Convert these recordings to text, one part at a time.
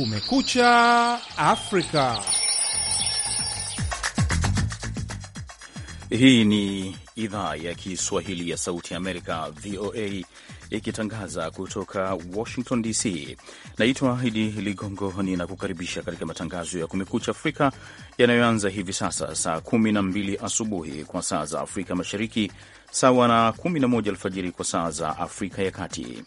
Kumekucha Afrika. Hii ni idhaa ya Kiswahili ya Sauti ya Amerika, VOA, ikitangaza kutoka Washington DC. Naitwa Idi Ligongo, ninakukaribisha katika matangazo ya Kumekucha Afrika yanayoanza hivi sasa saa 12 asubuhi kwa saa za Afrika Mashariki, sawa na 11 alfajiri kwa saa za Afrika ya Kati.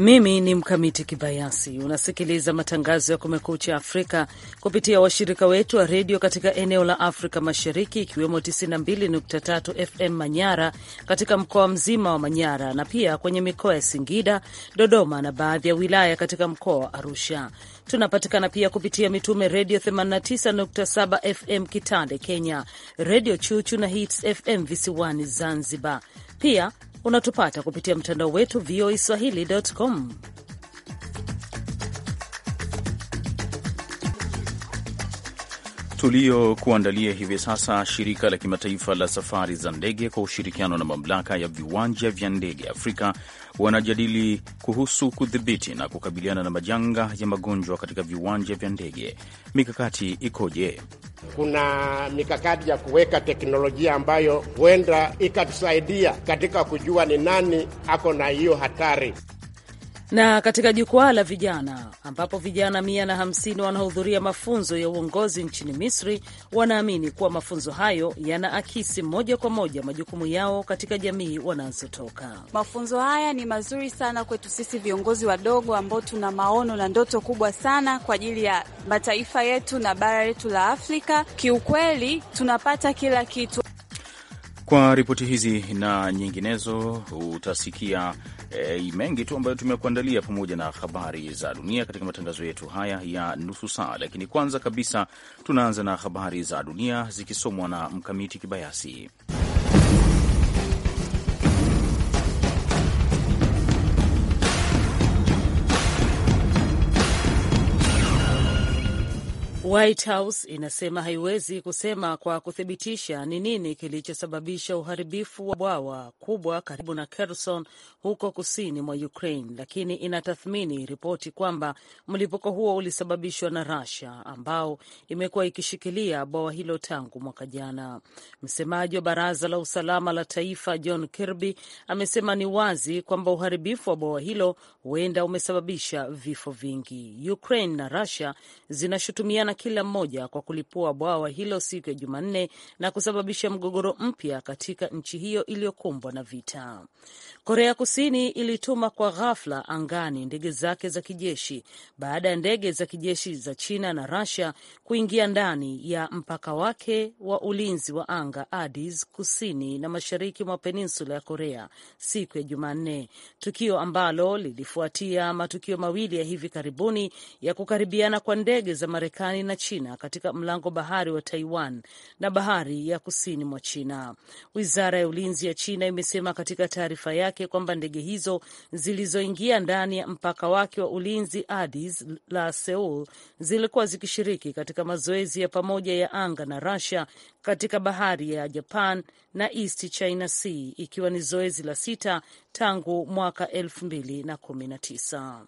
Mimi ni Mkamiti Kibayasi. Unasikiliza matangazo ya Kumekucha Afrika kupitia washirika wetu wa redio katika eneo la Afrika Mashariki, ikiwemo 92.3 FM Manyara katika mkoa mzima wa Manyara na pia kwenye mikoa ya Singida, Dodoma na baadhi ya wilaya katika mkoa wa Arusha. Tunapatikana pia kupitia Mitume Redio 89.7 FM Kitale Kenya, Redio Chuchu na Hits FM visiwani Zanzibar. Pia Unatupata kupitia mtandao wetu VOA Swahili.com. Tuliokuandalia hivi sasa. Shirika la kimataifa la safari za ndege kwa ushirikiano na mamlaka ya viwanja vya ndege Afrika wanajadili kuhusu kudhibiti na kukabiliana na majanga ya magonjwa katika viwanja vya ndege. Mikakati ikoje? Kuna mikakati ya kuweka teknolojia ambayo huenda ikatusaidia katika kujua ni nani ako na hiyo hatari. Na katika jukwaa la vijana ambapo vijana mia na hamsini wanahudhuria mafunzo ya uongozi nchini Misri, wanaamini kuwa mafunzo hayo yanaakisi moja kwa moja majukumu yao katika jamii wanazotoka. Mafunzo haya ni mazuri sana kwetu sisi viongozi wadogo ambao tuna maono na ndoto kubwa sana kwa ajili ya mataifa yetu na bara letu la Afrika. Kiukweli tunapata kila kitu. Kwa ripoti hizi na nyinginezo utasikia e, mengi tu ambayo tumekuandalia pamoja na habari za dunia katika matangazo yetu haya ya nusu saa. Lakini kwanza kabisa tunaanza na habari za dunia zikisomwa na Mkamiti Kibayasi. White House inasema haiwezi kusema kwa kuthibitisha ni nini kilichosababisha uharibifu wa bwawa kubwa karibu na Kherson huko kusini mwa Ukraine, lakini inatathmini ripoti kwamba mlipuko huo ulisababishwa na Russia ambao imekuwa ikishikilia bwawa hilo tangu mwaka jana. Msemaji wa Baraza la Usalama la Taifa John Kirby amesema ni wazi kwamba uharibifu wa bwawa hilo huenda umesababisha vifo vingi. Ukraine na Russia zinashutumiana kila mmoja kwa kulipua bwawa hilo siku ya Jumanne na kusababisha mgogoro mpya katika nchi hiyo iliyokumbwa na vita. Korea Kusini ilituma kwa ghafla angani ndege zake za kijeshi baada ya ndege za kijeshi za China na Russia kuingia ndani ya mpaka wake wa ulinzi wa anga ADIS kusini na mashariki mwa peninsula ya Korea siku ya Jumanne, tukio ambalo lilifuatia matukio mawili ya hivi karibuni ya kukaribiana kwa ndege za Marekani na China katika mlango bahari wa Taiwan na bahari ya kusini mwa China. Wizara ya ulinzi ya China imesema katika taarifa yake yake kwamba ndege hizo zilizoingia ndani ya mpaka wake wa ulinzi adis la seul zilikuwa zikishiriki katika mazoezi ya pamoja ya anga na Russia katika bahari ya Japan na East China Sea ikiwa ni zoezi la sita tangu mwaka tisa.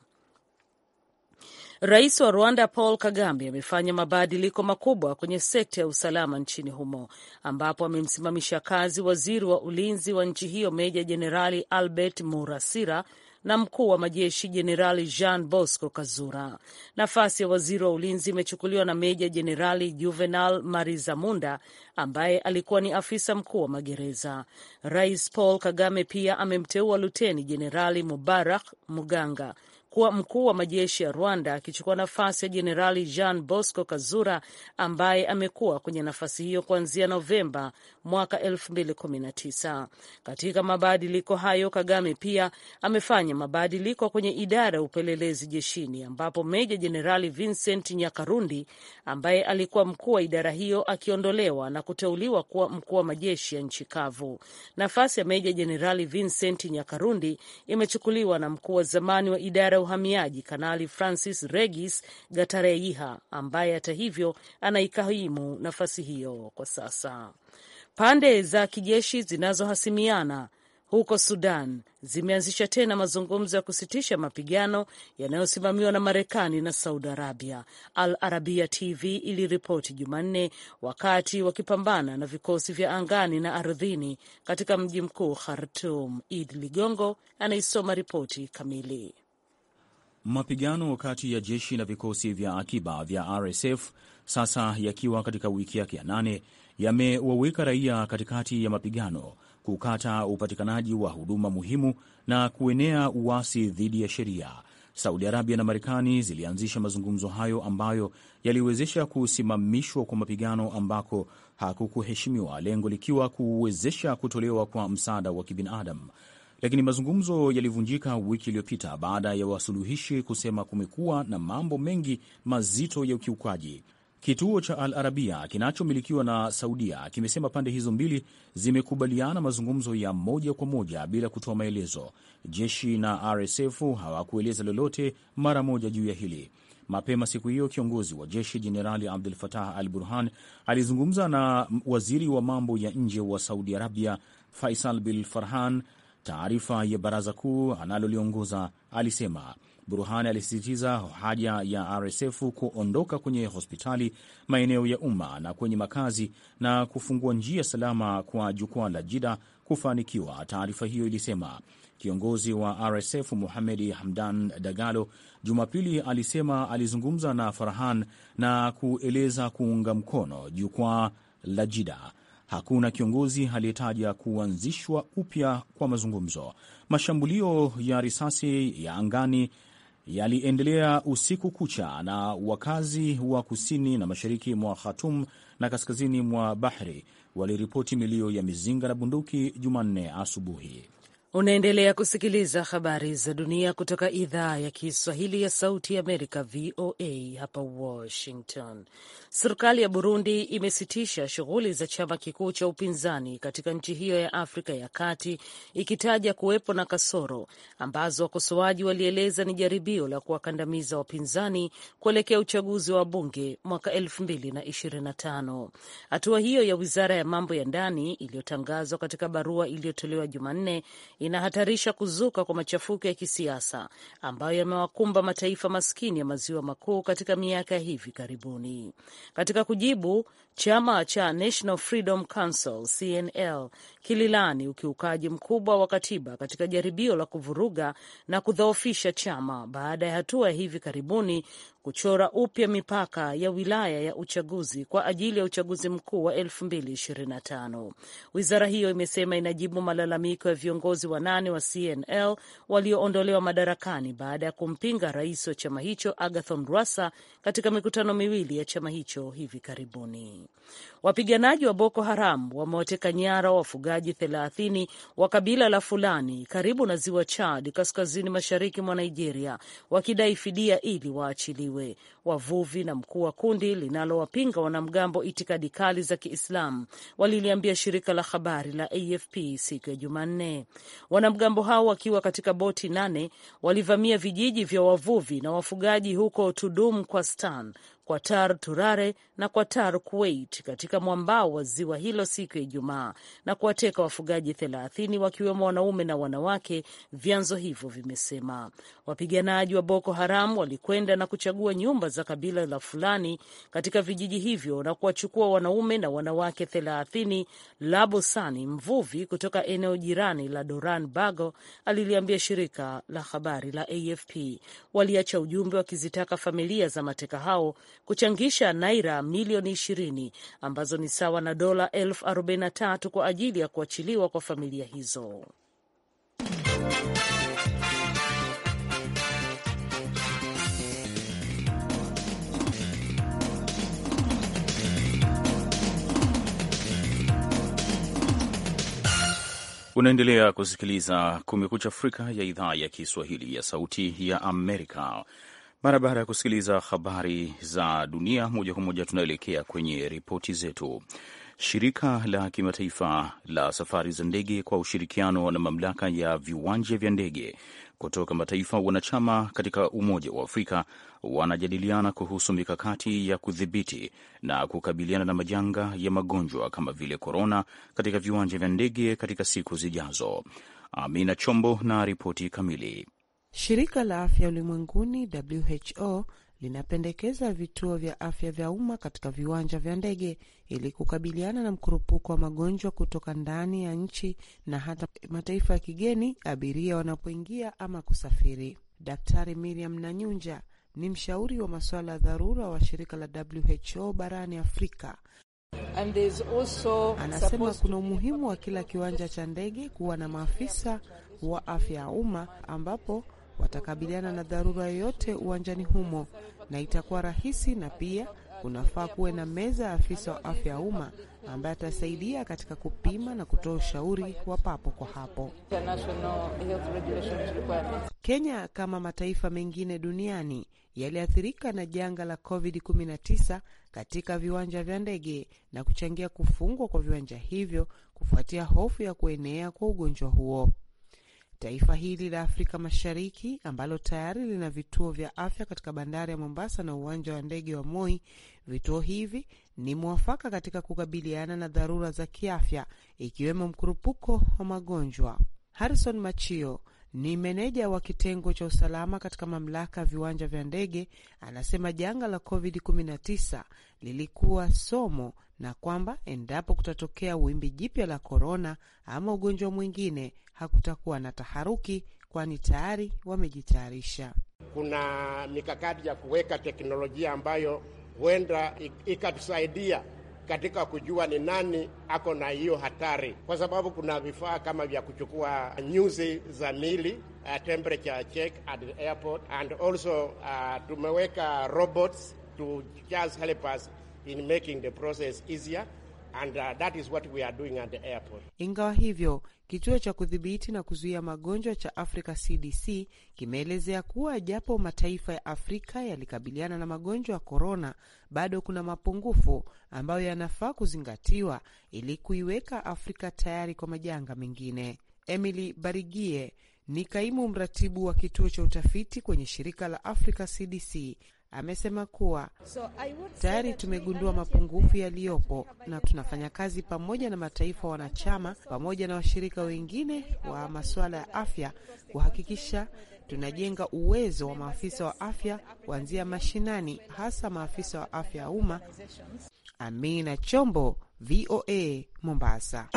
Rais wa Rwanda Paul Kagame amefanya mabadiliko makubwa kwenye sekta ya usalama nchini humo ambapo amemsimamisha kazi waziri wa ulinzi wa nchi hiyo Meja Jenerali Albert Murasira na mkuu wa majeshi Jenerali Jean Bosco Kazura. Nafasi ya waziri wa ulinzi imechukuliwa na Meja Jenerali Juvenal Marizamunda ambaye alikuwa ni afisa mkuu wa magereza. Rais Paul Kagame pia amemteua Luteni Jenerali Mubarak Muganga kuwa mkuu wa majeshi ya Rwanda, akichukua nafasi ya Jenerali Jean Bosco Kazura ambaye amekuwa kwenye nafasi hiyo kuanzia Novemba mwaka 2019. Katika mabadiliko hayo, Kagame pia amefanya mabadiliko kwenye idara ya upelelezi jeshini, ambapo Meja Jenerali Vincent Nyakarundi ambaye alikuwa mkuu wa idara hiyo akiondolewa na kuteuliwa kuwa mkuu wa majeshi ya nchi kavu. Nafasi ya Meja Jenerali Vincent Nyakarundi imechukuliwa na mkuu wa zamani wa idara ya uhamiaji Kanali Francis Regis Gatareiha ambaye hata hivyo anaikahimu nafasi hiyo kwa sasa. Pande za kijeshi zinazohasimiana huko Sudan zimeanzisha tena mazungumzo ya kusitisha mapigano yanayosimamiwa na Marekani na Saudi Arabia, Al Arabia TV iliripoti Jumanne, wakati wakipambana na vikosi vya angani na ardhini katika mji mkuu Khartum. id Ligongo anaisoma ripoti kamili. Mapigano kati ya jeshi na vikosi vya akiba vya RSF sasa yakiwa katika wiki yake ya nane yamewaweka raia katikati ya mapigano, kukata upatikanaji wa huduma muhimu na kuenea uasi dhidi ya sheria. Saudi Arabia na Marekani zilianzisha mazungumzo hayo ambayo yaliwezesha kusimamishwa kwa mapigano ambako hakukuheshimiwa, lengo likiwa kuwezesha kutolewa kwa msaada wa kibinadamu. Lakini mazungumzo yalivunjika wiki iliyopita baada ya wasuluhishi kusema kumekuwa na mambo mengi mazito ya ukiukaji Kituo cha Al Arabia kinachomilikiwa na Saudia kimesema pande hizo mbili zimekubaliana mazungumzo ya moja kwa moja bila kutoa maelezo. Jeshi na RSF hawakueleza lolote mara moja juu ya hili. Mapema siku hiyo kiongozi wa jeshi Jenerali Abdul Fatah Al Burhan alizungumza na waziri wa mambo ya nje wa Saudi Arabia Faisal Bil Farhan. Taarifa ya baraza kuu analoliongoza alisema Burhani alisisitiza haja ya RSF kuondoka kwenye hospitali, maeneo ya umma na kwenye makazi na kufungua njia salama kwa jukwaa la Jida kufanikiwa. Taarifa hiyo ilisema kiongozi wa RSF Muhamedi Hamdan Dagalo Jumapili alisema alizungumza na Farhan na kueleza kuunga mkono jukwaa la Jida. Hakuna kiongozi aliyetaja kuanzishwa upya kwa mazungumzo. Mashambulio ya risasi ya angani yaliendelea usiku kucha na wakazi wa kusini na mashariki mwa khatum na kaskazini mwa Bahri waliripoti milio ya mizinga na bunduki Jumanne asubuhi. Unaendelea kusikiliza habari za dunia kutoka idhaa ya Kiswahili ya sauti Amerika, VOA hapa Washington. Serikali ya Burundi imesitisha shughuli za chama kikuu cha upinzani katika nchi hiyo ya Afrika ya Kati, ikitaja kuwepo na kasoro ambazo wakosoaji walieleza ni jaribio la kuwakandamiza wapinzani kuelekea uchaguzi wa bunge mwaka 2025. Hatua hiyo ya wizara ya mambo ya ndani iliyotangazwa katika barua iliyotolewa Jumanne inahatarisha kuzuka kwa machafuko ya kisiasa ambayo yamewakumba mataifa maskini ya maziwa makuu katika miaka ya hivi karibuni. Katika kujibu Chama cha National Freedom Council CNL kililani ukiukaji mkubwa wa katiba katika jaribio la kuvuruga na kudhoofisha chama baada ya hatua ya hivi karibuni kuchora upya mipaka ya wilaya ya uchaguzi kwa ajili ya uchaguzi mkuu wa 2025. Wizara hiyo imesema inajibu malalamiko ya viongozi wanane wa CNL walioondolewa madarakani baada ya kumpinga rais wa chama hicho Agathon Rwasa katika mikutano miwili ya chama hicho hivi karibuni. Wapiganaji wa Boko Haram wamewateka nyara wafugaji 30 wa kabila la Fulani karibu na ziwa Chad, kaskazini mashariki mwa Nigeria, wakidai fidia ili waachiliwe. Wavuvi na mkuu wa kundi linalowapinga wanamgambo itikadi kali za Kiislamu waliliambia shirika la habari la AFP siku ya Jumanne. Wanamgambo hao wakiwa katika boti nane walivamia vijiji vya wavuvi na wafugaji huko Tudum Stan, Qatar Turare na Qatar Kuwait katika mwambao wa ziwa hilo siku ya Ijumaa na kuwateka wafugaji thelathini wakiwemo wanaume na wanawake, vyanzo hivyo vimesema. Wapiganaji wa Boko Haram walikwenda na kuchagua nyumba za kabila la Fulani katika vijiji hivyo na kuwachukua wanaume na wanawake thelathini. Labo Sani, mvuvi kutoka eneo jirani la Doran Bago, aliliambia shirika la habari la AFP. Waliacha ujumbe wakizitaka familia za mateka hao kuchangisha naira milioni 20 ambazo ni sawa na dola elfu 43 kwa ajili ya kuachiliwa kwa familia hizo. Unaendelea kusikiliza Kumekucha Afrika ya idhaa ya Kiswahili ya Sauti ya Amerika. Mara baada ya kusikiliza habari za dunia moja kwa moja, tunaelekea kwenye ripoti zetu. Shirika la kimataifa la safari za ndege kwa ushirikiano na mamlaka ya viwanja vya ndege kutoka mataifa wanachama katika Umoja wa Afrika wanajadiliana kuhusu mikakati ya kudhibiti na kukabiliana na majanga ya magonjwa kama vile korona katika viwanja vya ndege katika siku zijazo. Amina Chombo na ripoti kamili. Shirika la Afya Ulimwenguni WHO linapendekeza vituo vya afya vya umma katika viwanja vya ndege ili kukabiliana na mkurupuko wa magonjwa kutoka ndani ya nchi na hata mataifa ya kigeni abiria wanapoingia ama kusafiri. Daktari Miriam Nanyunja ni mshauri wa masuala ya dharura wa shirika la WHO barani Afrika. And also anasema kuna umuhimu wa kila kiwanja cha ndege kuwa na maafisa wa afya ya umma ambapo watakabiliana na dharura yoyote uwanjani humo na itakuwa rahisi, na pia kunafaa kuwe na meza ya afisa wa afya ya umma ambaye atasaidia katika kupima na kutoa ushauri wa papo kwa hapo. Kenya kama mataifa mengine duniani yaliathirika na janga la COVID-19 katika viwanja vya ndege na kuchangia kufungwa kwa viwanja hivyo kufuatia hofu ya kuenea kwa ugonjwa huo. Taifa hili la Afrika Mashariki ambalo tayari lina vituo vya afya katika bandari ya Mombasa na uwanja wa ndege wa Moi, vituo hivi ni mwafaka katika kukabiliana na dharura za kiafya ikiwemo mkurupuko wa magonjwa. Harrison Machio ni meneja wa kitengo cha usalama katika mamlaka ya viwanja vya ndege, anasema janga la COVID-19 lilikuwa somo na kwamba endapo kutatokea wimbi jipya la korona ama ugonjwa mwingine, hakutakuwa na taharuki, kwani tayari wamejitayarisha. Kuna mikakati ya kuweka teknolojia ambayo huenda ikatusaidia katika kujua ni nani ako na hiyo hatari, kwa sababu kuna vifaa kama vya kuchukua nyuzi za mili uh, temperature check at the airport and also uh, tumeweka robots to just help us in making the process easier and uh, that is what we are doing at the airport. Ingawa hivyo Kituo cha kudhibiti na kuzuia magonjwa cha Afrika CDC kimeelezea kuwa japo mataifa ya Afrika yalikabiliana na magonjwa ya korona, bado kuna mapungufu ambayo yanafaa kuzingatiwa ili kuiweka Afrika tayari kwa majanga mengine. Emily Barigie ni kaimu mratibu wa kituo cha utafiti kwenye shirika la Africa CDC amesema kuwa tayari tumegundua mapungufu yaliyopo na tunafanya kazi pamoja na mataifa wanachama pamoja na washirika wengine wa masuala ya afya kuhakikisha tunajenga uwezo wa maafisa wa afya kuanzia mashinani, hasa maafisa wa afya ya umma. Amina Chombo, VOA, Mombasa.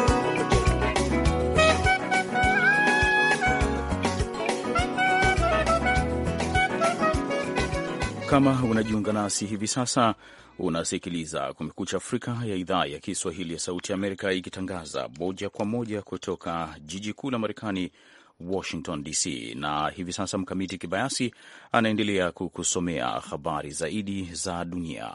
Kama unajiunga nasi hivi sasa, unasikiliza Kumekucha Afrika ya idhaa ya Kiswahili ya Sauti Amerika, ikitangaza moja kwa moja kutoka jiji kuu la Marekani, Washington DC. Na hivi sasa Mkamiti Kibayasi anaendelea kukusomea habari zaidi za dunia.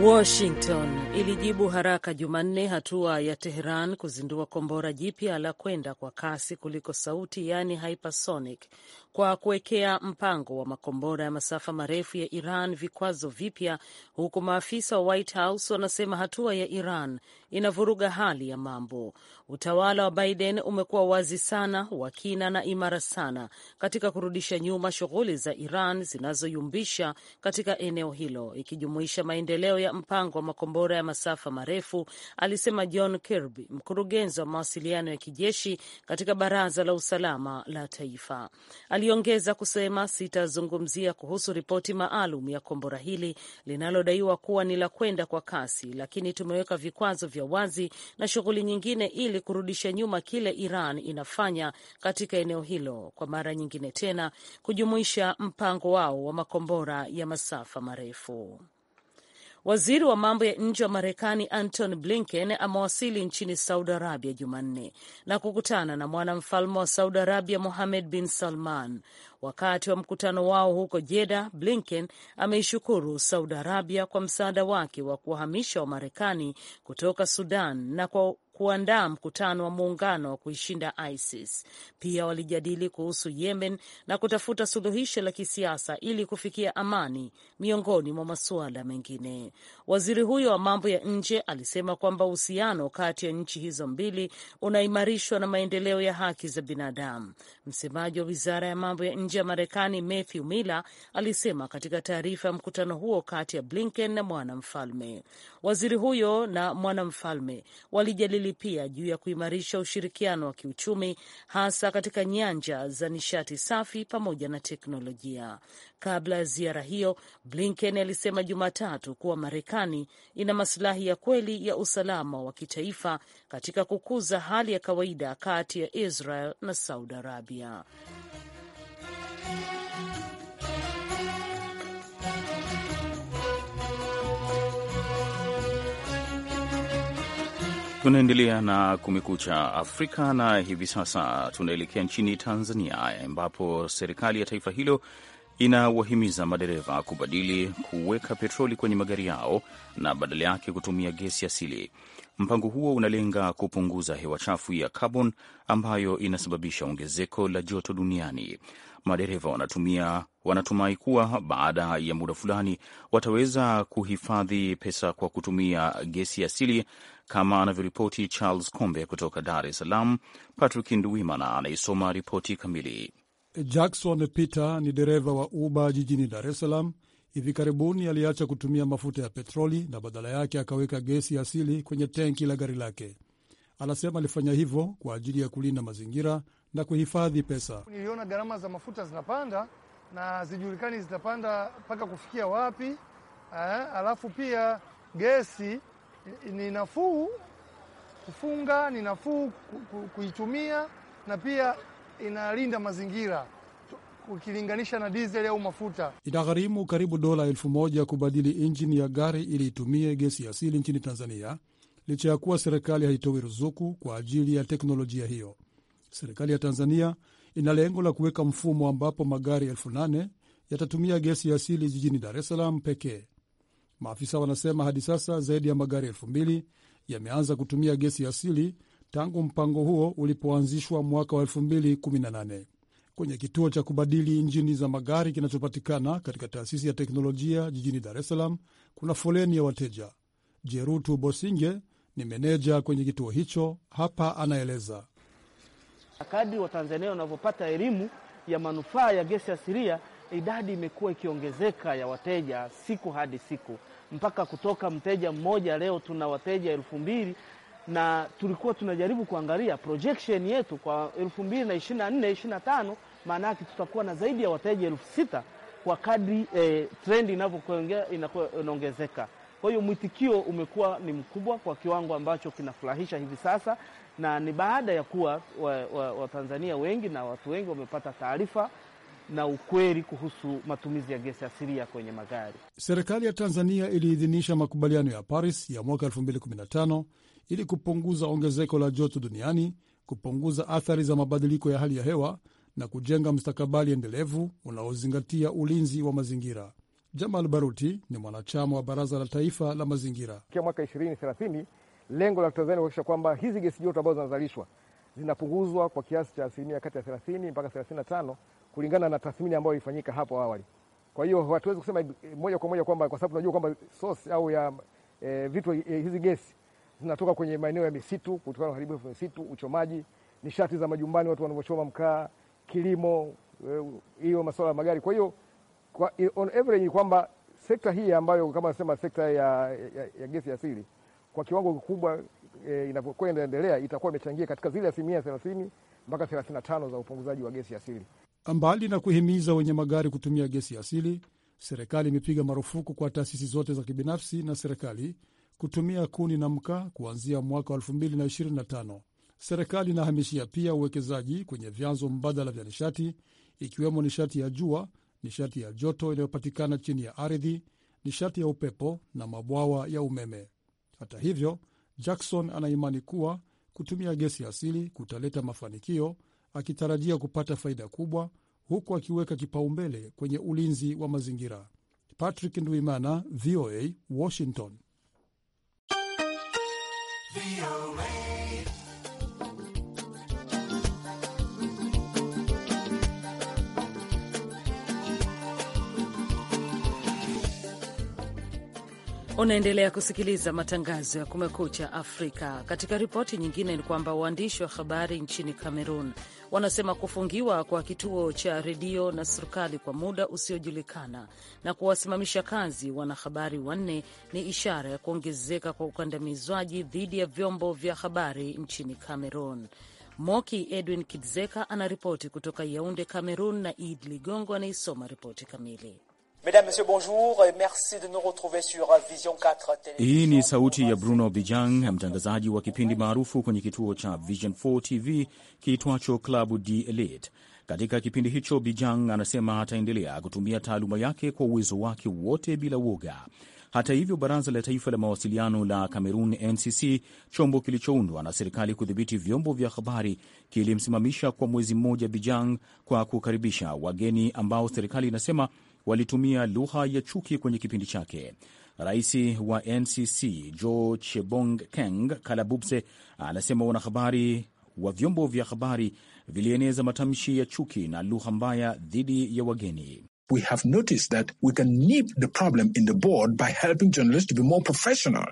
Washington ilijibu haraka Jumanne hatua ya Teheran kuzindua kombora jipya la kwenda kwa kasi kuliko sauti, yaani hypersonic, kwa kuwekea mpango wa makombora ya masafa marefu ya Iran vikwazo vipya, huku maafisa wa White House wanasema hatua ya Iran inavuruga hali ya mambo. Utawala wa Biden umekuwa wazi sana, wa kina na imara sana katika kurudisha nyuma shughuli za Iran zinazoyumbisha katika eneo hilo, ikijumuisha maendeleo ya mpango wa makombora ya masafa marefu, alisema John Kirby, mkurugenzi wa mawasiliano ya kijeshi katika Baraza la Usalama la Taifa. Aliongeza kusema, sitazungumzia kuhusu ripoti maalum ya kombora hili linalodaiwa kuwa ni la kwenda kwa kasi, lakini tumeweka vikwazo vya vya wazi na shughuli nyingine ili kurudisha nyuma kile Iran inafanya katika eneo hilo, kwa mara nyingine tena kujumuisha mpango wao wa makombora ya masafa marefu. Waziri wa mambo ya nje wa Marekani Anton Blinken amewasili nchini Saudi Arabia Jumanne na kukutana na mwanamfalme wa Saudi Arabia Mohammed bin Salman. Wakati wa mkutano wao huko jeda Blinken ameishukuru Saudi Arabia kwa msaada wake wa kuwahamisha wa marekani kutoka Sudan na kwa kuandaa mkutano wa muungano wa kuishinda ISIS. Pia walijadili kuhusu Yemen na kutafuta suluhisho la kisiasa ili kufikia amani, miongoni mwa masuala mengine. Waziri huyo wa mambo ya nje alisema kwamba uhusiano kati ya nchi hizo mbili unaimarishwa na maendeleo ya haki za binadamu. Msemaji wa wizara ya mambo ya nje ya Marekani Matthew Miller alisema katika taarifa ya mkutano huo kati ya Blinken na mwanamfalme Waziri huyo na mwanamfalme walijadili pia juu ya kuimarisha ushirikiano wa kiuchumi hasa katika nyanja za nishati safi pamoja na teknolojia. Kabla ya ziara hiyo, Blinken alisema Jumatatu kuwa Marekani ina masilahi ya kweli ya usalama wa kitaifa katika kukuza hali ya kawaida kati ya Israel na Saudi Arabia. Tunaendelea na Kumekucha Afrika na hivi sasa tunaelekea nchini Tanzania, ambapo serikali ya taifa hilo inawahimiza madereva kubadili kuweka petroli kwenye magari yao na badala yake kutumia gesi asili. Mpango huo unalenga kupunguza hewa chafu ya kaboni ambayo inasababisha ongezeko la joto duniani. Madereva wanatumia wanatumai kuwa baada ya muda fulani wataweza kuhifadhi pesa kwa kutumia gesi asili, kama anavyoripoti Charles Kombe kutoka Dar es Salaam. Patrick nduimana anaisoma ripoti kamili. Jackson Peter ni dereva wa Uber jijini Dar es Salaam hivi karibuni aliacha kutumia mafuta ya petroli na badala yake akaweka gesi asili kwenye tenki la gari lake. Anasema alifanya hivyo kwa ajili ya kulinda mazingira na kuhifadhi pesa. Niliona gharama za mafuta zinapanda na zijulikani zitapanda mpaka kufikia wapi. Eh, alafu pia gesi ni nafuu kufunga, ni nafuu kuitumia na pia inalinda mazingira ukilinganisha na dizeli au mafuta. Inagharimu karibu dola elfu moja kubadili injini ya gari ili itumie gesi asili nchini Tanzania, licha ya kuwa serikali haitoi ruzuku kwa ajili ya teknolojia hiyo. Serikali ya Tanzania ina lengo la kuweka mfumo ambapo magari elfu nane yatatumia gesi asili jijini Dar es Salaam pekee. Maafisa wanasema hadi sasa zaidi ya magari elfu mbili yameanza kutumia gesi asili tangu mpango huo ulipoanzishwa mwaka wa 2018 kwenye kituo cha kubadili injini za magari kinachopatikana katika taasisi ya teknolojia jijini Dar es Salaam kuna foleni ya wateja. Jerutu Bosinge ni meneja kwenye kituo hicho. Hapa anaeleza kadri Watanzania wanavyopata elimu ya manufaa ya gesi asilia, idadi imekuwa ikiongezeka ya wateja siku hadi siku, mpaka kutoka mteja mmoja leo tuna wateja elfu mbili na tulikuwa tunajaribu kuangalia projection yetu kwa elfu mbili na ishirini na nne ishirini na tano maana yake tutakuwa na zaidi ya wateja elfu sita kwa kadri eh, trendi inaongezeka. Kwa hiyo mwitikio umekuwa ni mkubwa kwa kiwango ambacho kinafurahisha hivi sasa, na ni baada ya kuwa Watanzania wa, wa wengi na watu wengi wamepata taarifa na ukweli kuhusu matumizi ya gesi asilia kwenye magari. Serikali ya Tanzania iliidhinisha makubaliano ya Paris ya mwaka 2015 ili kupunguza ongezeko la joto duniani, kupunguza athari za mabadiliko ya hali ya hewa na kujenga mstakabali endelevu unaozingatia ulinzi wa mazingira. Jamal Baruti ni mwanachama wa Baraza la Taifa la Mazingira. Kufikia mwaka 2030 lengo la Tanzania kuhakikisha kwamba hizi gesi joto ambazo zinazalishwa zinapunguzwa kwa kiasi cha asilimia kati ya 30 mpaka 35 kulingana na tathmini ambayo ilifanyika hapo awali. Kwa hiyo hatuwezi kusema moja kwa moja kwamba kwa sababu tunajua kwamba source au ya e, vitu e, hizi gesi zinatoka kwenye maeneo ya misitu kutokana na uharibifu wa misitu, uchomaji, nishati za majumbani, watu wanavyochoma mkaa kilimo, eh, hiyo masuala ya magari. Kwa hiyo kwa, on average kwamba sekta hii ambayo kama nasema sekta ya, ya, ya gesi asili kwa kiwango kikubwa e, eh, inavyokuwa inaendelea itakuwa imechangia katika zile asilimia thelathini mpaka thelathini na tano za upunguzaji wa gesi asili. Mbali na kuhimiza wenye magari kutumia gesi asili, serikali imepiga marufuku kwa taasisi zote za kibinafsi na serikali kutumia kuni na mkaa kuanzia mwaka wa elfu mbili na ishirini na tano. Serikali inahamishia pia uwekezaji kwenye vyanzo mbadala vya nishati ikiwemo nishati ya jua, nishati ya joto inayopatikana chini ya ardhi, nishati ya upepo na mabwawa ya umeme. Hata hivyo, Jackson anaimani kuwa kutumia gesi asili kutaleta mafanikio, akitarajia kupata faida kubwa, huku akiweka kipaumbele kwenye ulinzi wa mazingira. Patrick Nduimana, VOA, Washington. VOA. Unaendelea kusikiliza matangazo ya Kumekucha Afrika. Katika ripoti nyingine ni kwamba waandishi wa habari nchini Kamerun wanasema kufungiwa kwa kituo cha redio na serikali kwa muda usiojulikana na kuwasimamisha kazi wanahabari wanne ni ishara ya kuongezeka kwa ukandamizwaji dhidi ya vyombo vya habari nchini Kamerun. Moki Edwin Kidzeka anaripoti kutoka Yaunde, Kamerun, na Id Ligongo anaisoma ripoti kamili. Mesdames, Messieurs, bonjour. Merci de nous retrouver sur Vision 4 TV. Hii ni sauti ya Bruno Bijang, mtangazaji wa kipindi maarufu kwenye kituo cha Vision 4 TV kiitwacho Club D Elite. Katika kipindi hicho, Bijang anasema ataendelea kutumia taaluma yake kwa uwezo wake wote bila woga. Hata hivyo, Baraza la Taifa la Mawasiliano la Cameroon NCC, chombo kilichoundwa na serikali kudhibiti vyombo vya habari, kilimsimamisha kwa mwezi mmoja Bijang kwa kukaribisha wageni ambao serikali inasema walitumia lugha ya chuki kwenye kipindi chake. Rais wa NCC Jo Chebong Keng Kalabupse anasema wanahabari wa vyombo vya habari vilieneza matamshi ya chuki na lugha mbaya dhidi ya wageni. We have noticed that we can nip the problem in the board by helping journalists to be more professional.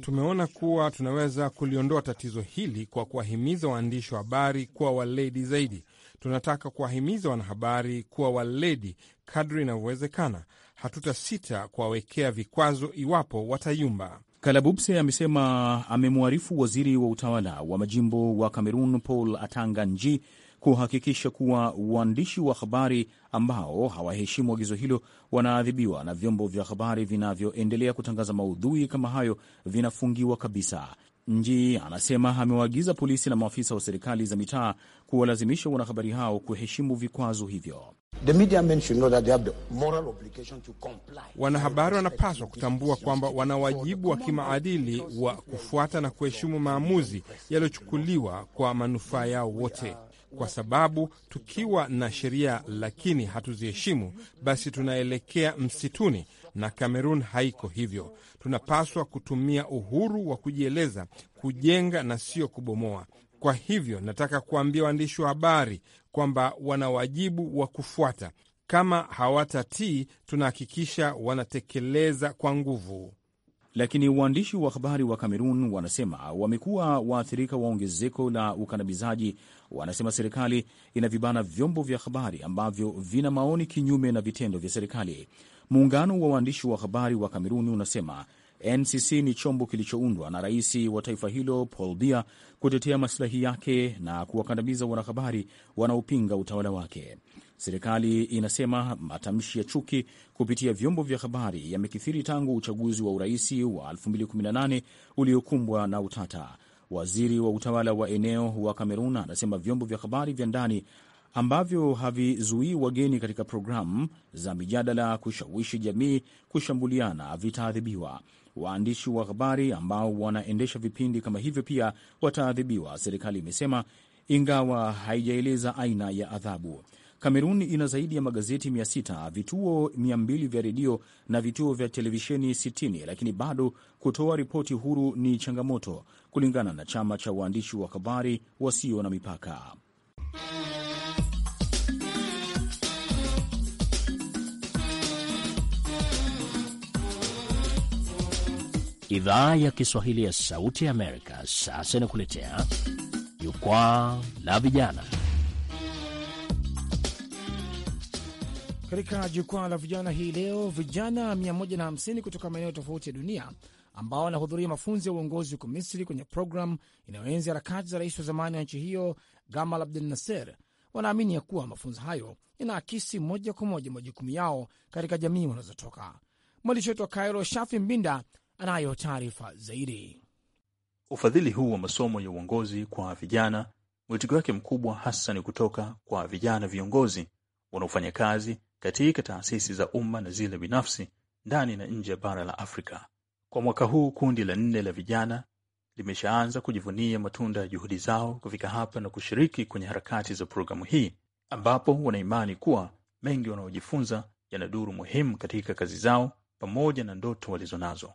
Tumeona kuwa tunaweza kuliondoa tatizo hili kwa kuwahimiza waandishi wa habari kuwa waledi zaidi Tunataka kuwahimiza wanahabari kuwa waledi kadri inavyowezekana. Hatutasita kuwawekea vikwazo iwapo watayumba. Kalabupse amesema amemwarifu waziri wa utawala wa majimbo wa Kamerun Paul Atanga Nji kuhakikisha kuwa waandishi wa habari ambao hawaheshimu agizo hilo wanaadhibiwa na vyombo vya habari vinavyoendelea kutangaza maudhui kama hayo vinafungiwa kabisa. Nji anasema amewaagiza polisi na maafisa wa serikali za mitaa kuwalazimisha wanahabari hao kuheshimu vikwazo hivyo. Wanahabari wanapaswa kutambua kwamba wana wajibu wa kimaadili wa kufuata na kuheshimu maamuzi yaliyochukuliwa kwa manufaa yao wote, kwa sababu tukiwa na sheria lakini hatuziheshimu, basi tunaelekea msituni na Kamerun haiko hivyo. Tunapaswa kutumia uhuru wa kujieleza kujenga na sio kubomoa. Kwa hivyo nataka kuambia waandishi wa habari kwamba wana wajibu wa kufuata. Kama hawatatii, tunahakikisha wanatekeleza kwa nguvu. Lakini waandishi wa habari wa Kamerun wanasema wamekuwa waathirika wa ongezeko la ukandamizaji. Wanasema serikali ina vibana vyombo vya habari ambavyo vina maoni kinyume na vitendo vya serikali. Muungano wa waandishi wa habari wa Kameruni unasema NCC ni chombo kilichoundwa na rais wa taifa hilo Paul Biya kutetea masilahi yake na kuwakandamiza wanahabari wanaopinga utawala wake. Serikali inasema matamshi ya chuki kupitia vyombo vya habari yamekithiri tangu uchaguzi wa urais wa 2018 uliokumbwa na utata. Waziri wa utawala wa eneo wa Kamerun anasema vyombo vya habari vya ndani ambavyo havizuii wageni katika programu za mijadala kushawishi jamii kushambuliana vitaadhibiwa. Waandishi wa habari ambao wanaendesha vipindi kama hivyo pia wataadhibiwa, serikali imesema, ingawa haijaeleza aina ya adhabu. Kamerun ina zaidi ya magazeti 600, vituo 200 vya redio na vituo vya televisheni 60, lakini bado kutoa ripoti huru ni changamoto, kulingana na chama cha waandishi wa habari wasio na mipaka. Idhaa ya Kiswahili ya Sauti ya Amerika sasa inakuletea jukwaa la vijana. Katika jukwaa la vijana hii leo, vijana 150 kutoka maeneo tofauti ya dunia ambao wanahudhuria mafunzo ya uongozi huko Misri kwenye programu inayoenzi harakati za rais wa zamani wa nchi hiyo Gamal Abdel Nasser wanaamini ya kuwa mafunzo hayo yanaakisi moja kwa moja majukumu yao katika jamii wanazotoka. Mwandishi wetu wa Kairo, Shafi Mbinda, anayo taarifa zaidi. Ufadhili huu wa masomo ya uongozi kwa vijana, mwitiko wake mkubwa hasa ni kutoka kwa vijana viongozi wanaofanya kazi katika taasisi za umma na zile binafsi ndani na nje ya bara la Afrika. Kwa mwaka huu kundi la nne la vijana limeshaanza kujivunia matunda ya juhudi zao kufika hapa na kushiriki kwenye harakati za programu hii, ambapo wanaimani kuwa mengi wanaojifunza duru muhimu katika kazi zao pamoja na ndoto walizonazo.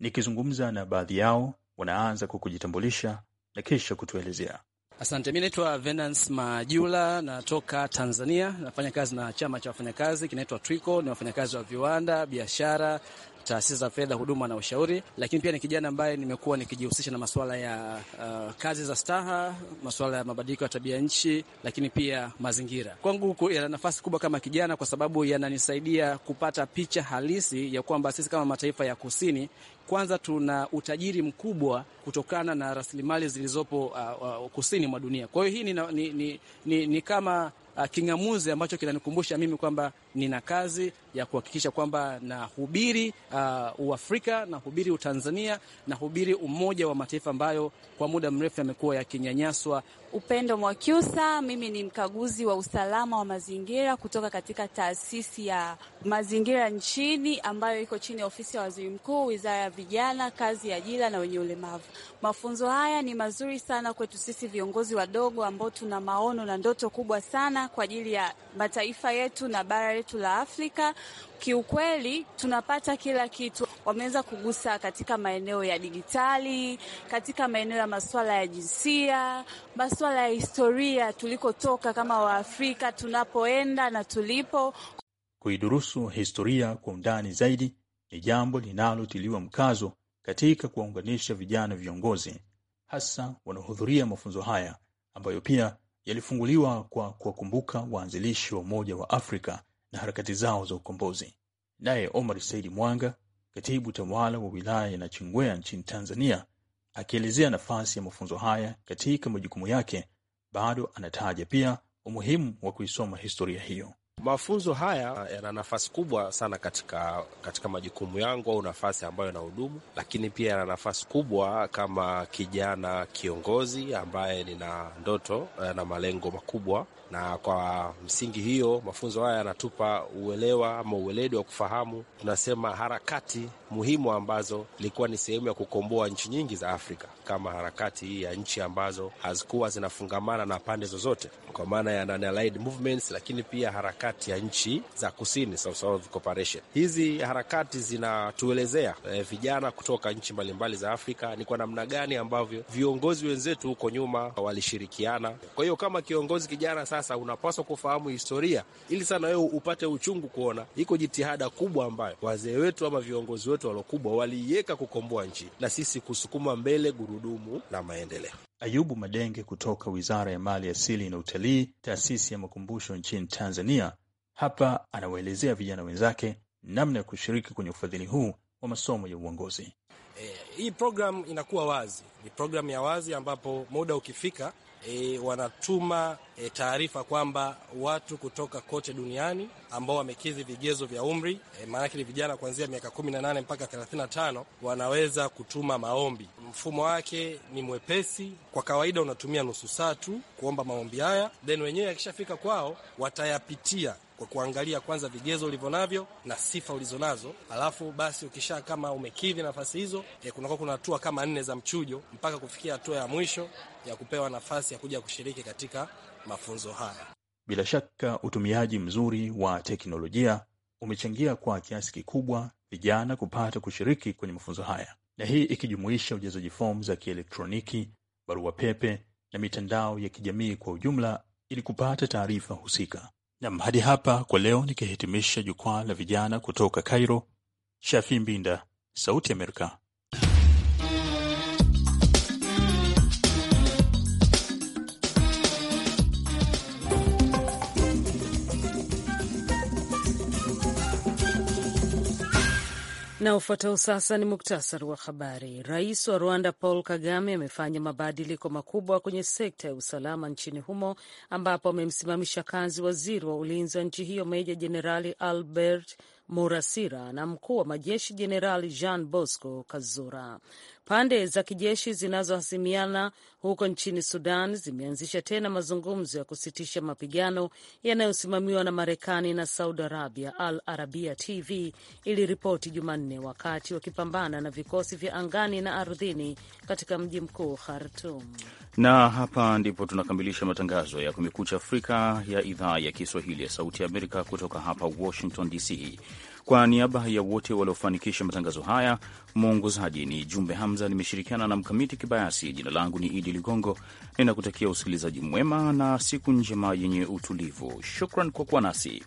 Nikizungumza na baadhi yao, wanaanza kwa kujitambulisha na kisha kutuelezea. Asante, mi naitwa Venance Majula, natoka Tanzania, nafanya kazi na chama cha wafanyakazi kinaitwa Twiko, ni wafanyakazi wa viwanda, biashara taasisi za fedha, huduma na ushauri, lakini pia ni kijana ambaye nimekuwa nikijihusisha na masuala ya uh, kazi za staha, masuala ya mabadiliko ya tabia nchi, lakini pia mazingira. Kwangu yana nafasi kubwa kama kijana, kwa sababu yananisaidia kupata picha halisi ya kwamba sisi kama mataifa ya kusini kwanza tuna utajiri mkubwa kutokana na rasilimali zilizopo uh, uh, kusini mwa dunia. Kwa hiyo hii ni, ni, ni, ni, ni kama uh, king'amuzi ambacho kinanikumbusha mimi kwamba nina kazi ya kuhakikisha kwamba nahubiri uh, Uafrika, nahubiri Utanzania, nahubiri umoja wa mataifa ambayo kwa muda mrefu yamekuwa yakinyanyaswa. Upendo Mwakyusa, mimi ni mkaguzi wa usalama wa mazingira kutoka katika taasisi ya mazingira nchini ambayo iko chini ya ofisi ya waziri mkuu, wizara ya vijana, kazi ya ajira na wenye ulemavu. Mafunzo haya ni mazuri sana kwetu sisi viongozi wadogo ambao tuna maono na ndoto kubwa sana kwa ajili ya mataifa yetu na bara letu la Afrika. Kiukweli tunapata kila kitu. Wameweza kugusa katika maeneo ya digitali, katika maeneo ya masuala ya jinsia, masuala ya historia, tulikotoka kama Waafrika, tunapoenda na tulipo. Kuidurusu historia kwa undani zaidi ni jambo linalotiliwa mkazo katika kuwaunganisha vijana viongozi, hasa wanaohudhuria mafunzo haya ambayo pia yalifunguliwa kwa kuwakumbuka waanzilishi wa Umoja wa Afrika na harakati zao za ukombozi. Naye Omar Saidi Mwanga, katibu tawala wa wilaya ya Nachingwea nchini Tanzania, akielezea nafasi ya mafunzo haya katika majukumu yake, bado anataja pia umuhimu wa kuisoma historia hiyo. Mafunzo haya yana nafasi kubwa sana katika, katika majukumu yangu au nafasi ambayo yanahudumu lakini pia yana nafasi kubwa kama kijana kiongozi ambaye nina ndoto eh, na malengo makubwa na kwa msingi hiyo mafunzo haya yanatupa uelewa ama ueledi wa kufahamu, tunasema harakati muhimu ambazo ilikuwa ni sehemu ya kukomboa nchi nyingi za Afrika, kama harakati hii ya nchi ambazo hazikuwa zinafungamana na pande zozote, kwa maana ya non-aligned movements, lakini pia harakati ya nchi za kusini, South South Cooperation. Hizi harakati zinatuelezea e, vijana kutoka nchi mbalimbali za Afrika ni kwa namna gani ambavyo viongozi wenzetu huko nyuma walishirikiana. Kwa hiyo kama kiongozi kijana sana sasa unapaswa kufahamu historia ili sana wewe upate uchungu kuona iko jitihada kubwa ambayo wazee wetu ama viongozi wetu walokubwa waliiweka kukomboa nchi na sisi kusukuma mbele gurudumu la maendeleo. Ayubu Madenge kutoka Wizara ya Mali Asili na Utalii, Taasisi ya Makumbusho nchini Tanzania, hapa anawaelezea vijana wenzake namna ya kushiriki kwenye ufadhili huu wa masomo ya uongozi. Eh, hii programu inakuwa wazi, ni programu ya wazi ambapo muda ukifika e, wanatuma e, taarifa kwamba watu kutoka kote duniani ambao wamekidhi vigezo vya umri e, maanake ni vijana kuanzia miaka 18 mpaka 35 wanaweza kutuma maombi. Mfumo wake ni mwepesi, kwa kawaida unatumia nusu saa tu kuomba maombi haya, then wenyewe akishafika kwao watayapitia kwa kuangalia kwanza vigezo ulivyo navyo na sifa ulizonazo, alafu basi ukisha kama umekidhi nafasi hizo e, kunakuwa kuna hatua kama nne za mchujo mpaka kufikia hatua ya mwisho ya kupewa nafasi ya kuja kushiriki katika mafunzo haya. Bila shaka utumiaji mzuri wa teknolojia umechangia kwa kiasi kikubwa vijana kupata kushiriki kwenye mafunzo haya, na hii ikijumuisha ujazaji fomu za kielektroniki, barua pepe na mitandao ya kijamii kwa ujumla, ili kupata taarifa husika. Nam, hadi hapa kwa leo, nikihitimisha jukwaa la vijana kutoka Cairo. Shafi Mbinda, Sauti Amerika. Na ufuatao sasa ni muktasari wa habari. Rais wa Rwanda Paul Kagame amefanya mabadiliko makubwa kwenye sekta ya usalama nchini humo, ambapo amemsimamisha kazi waziri wa ulinzi wa nchi hiyo Meja Jenerali Albert Murasira na mkuu wa majeshi Jenerali Jean Bosco Kazura. Pande za kijeshi zinazohasimiana huko nchini Sudan zimeanzisha tena mazungumzo ya kusitisha mapigano yanayosimamiwa na Marekani na Saudi Arabia, Al Arabia TV iliripoti Jumanne, wakati wakipambana na vikosi vya angani na ardhini katika mji mkuu Khartum. Na hapa ndipo tunakamilisha matangazo ya Kumekucha Afrika ya idhaa ya Kiswahili ya Sauti ya Amerika kutoka hapa Washington DC. Kwa niaba ya wote waliofanikisha matangazo haya, mwongozaji ni Jumbe Hamza, nimeshirikiana na Mkamiti Kibayasi. Jina langu ni Idi Ligongo, ninakutakia usikilizaji mwema na siku njema yenye utulivu. Shukran kwa kuwa nasi.